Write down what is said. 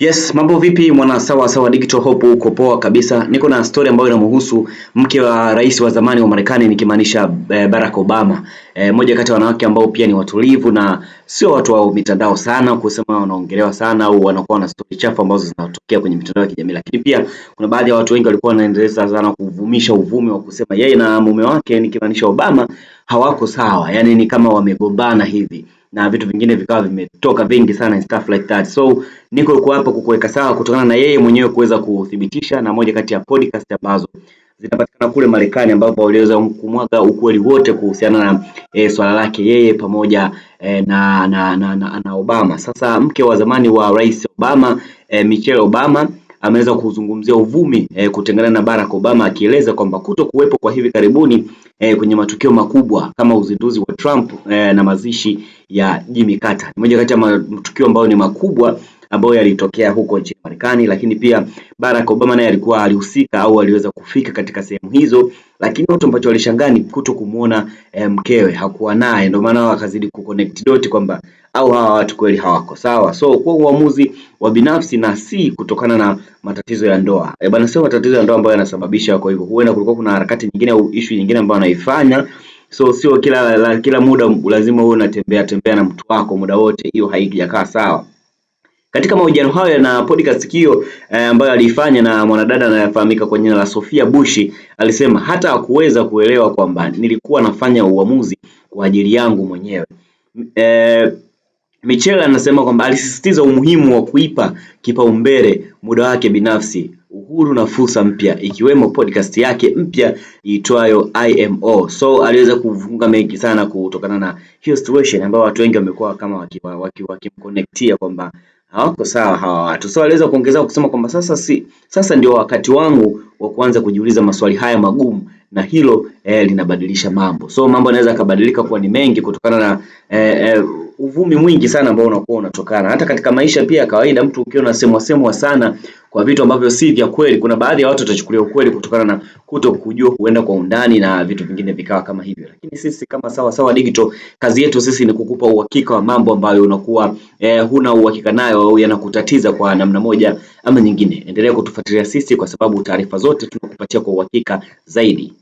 Yes, mambo vipi mwana sawa sawa digital hope, uko poa kabisa. Niko na story ambayo inamhusu mke wa rais wa zamani wa Marekani nikimaanisha eh, Barack Obama. Eh, moja kati ya wanawake ambao pia ni watulivu na sio watu wa mitandao sana kusema wanaongelewa sana au wanakuwa na story chafu ambazo zinatokea kwenye mitandao ya kijamii, lakini pia kuna baadhi ya watu wengi walikuwa wanaendeleza sana kuvumisha uvumi wa kusema yeye na mume wake nikimaanisha Obama hawako sawa, yani ni kama wamegombana hivi na vitu vingine vikawa vimetoka vingi sana and stuff like that. So niko uko hapa kukuweka sawa kutokana na yeye mwenyewe kuweza kuthibitisha, na moja kati ya podcast ambazo zinapatikana kule Marekani ambapo waliweza kumwaga ukweli wote kuhusiana na e, swala lake yeye pamoja e, na, na, na, na, na Obama. Sasa mke wa zamani wa Rais Obama e, Michelle Obama ameweza kuzungumzia uvumi eh, kutengana na Barack Obama akieleza kwamba kuto kuwepo kwa hivi karibuni eh, kwenye matukio makubwa kama uzinduzi wa Trump eh, na mazishi ya Jimmy Carter ni moja kati ya matukio ambayo ni makubwa ambayo yalitokea huko nchini Marekani, lakini pia Barack Obama naye alikuwa alihusika au aliweza kufika katika sehemu hizo, lakini watu ambacho walishangaa ni kuto kumuona eh, mkewe hakuwa naye, ndio maana wakazidi kuconnect dot kwamba au hawa watu kweli hawako sawa. So kwa uamuzi wa binafsi na si kutokana na matatizo ya ndoa. E, eh, bana, sio matatizo ya ndoa ambayo yanasababisha. Kwa hivyo huenda kulikuwa kuna harakati nyingine au issue nyingine ambayo anaifanya so sio kila la, kila muda lazima uwe unatembea tembea na mtu wako muda wote, hiyo haijakaa sawa. Katika mahojiano hayo na podcast hiyo eh, ambayo alifanya na mwanadada anayefahamika kwa jina la Sofia Bushi, alisema hata hakuweza kuelewa kwamba nilikuwa nafanya uamuzi kwa ajili yangu mwenyewe eh, Michela anasema kwamba alisisitiza umuhimu wa kuipa kipaumbele muda wake binafsi, uhuru na fursa mpya, ikiwemo podcast yake mpya iitwayo IMO. So aliweza kufunga mengi sana kutokana na hiyo situation ambayo watu wengi wamekuwa kama wakimconnectia waki, kwamba hawako sawa hawa watu. So aliweza kuongeza kusema kwamba sasa, si, sasa ndio wakati wangu wa kuanza kujiuliza maswali haya magumu na hilo eh, linabadilisha mambo. So mambo yanaweza kabadilika kuwa ni mengi kutokana na eh, eh, uvumi mwingi sana ambao unakuwa unatokana. Hata katika maisha pia kawaida, mtu ukiona semwa semwa sana kwa vitu ambavyo si vya kweli, kuna baadhi ya watu watachukulia ukweli kutokana na kuto kujua huenda kwa undani na vitu vingine vikawa kama hivyo. Lakini sisi kama Sawa Sawa Digital, kazi yetu sisi ni kukupa uhakika wa mambo ambayo unakuwa eh, huna uhakika nayo au yanakutatiza kwa namna moja ama nyingine. Endelea kutufuatilia sisi, kwa sababu taarifa zote tunakupatia kwa uhakika zaidi.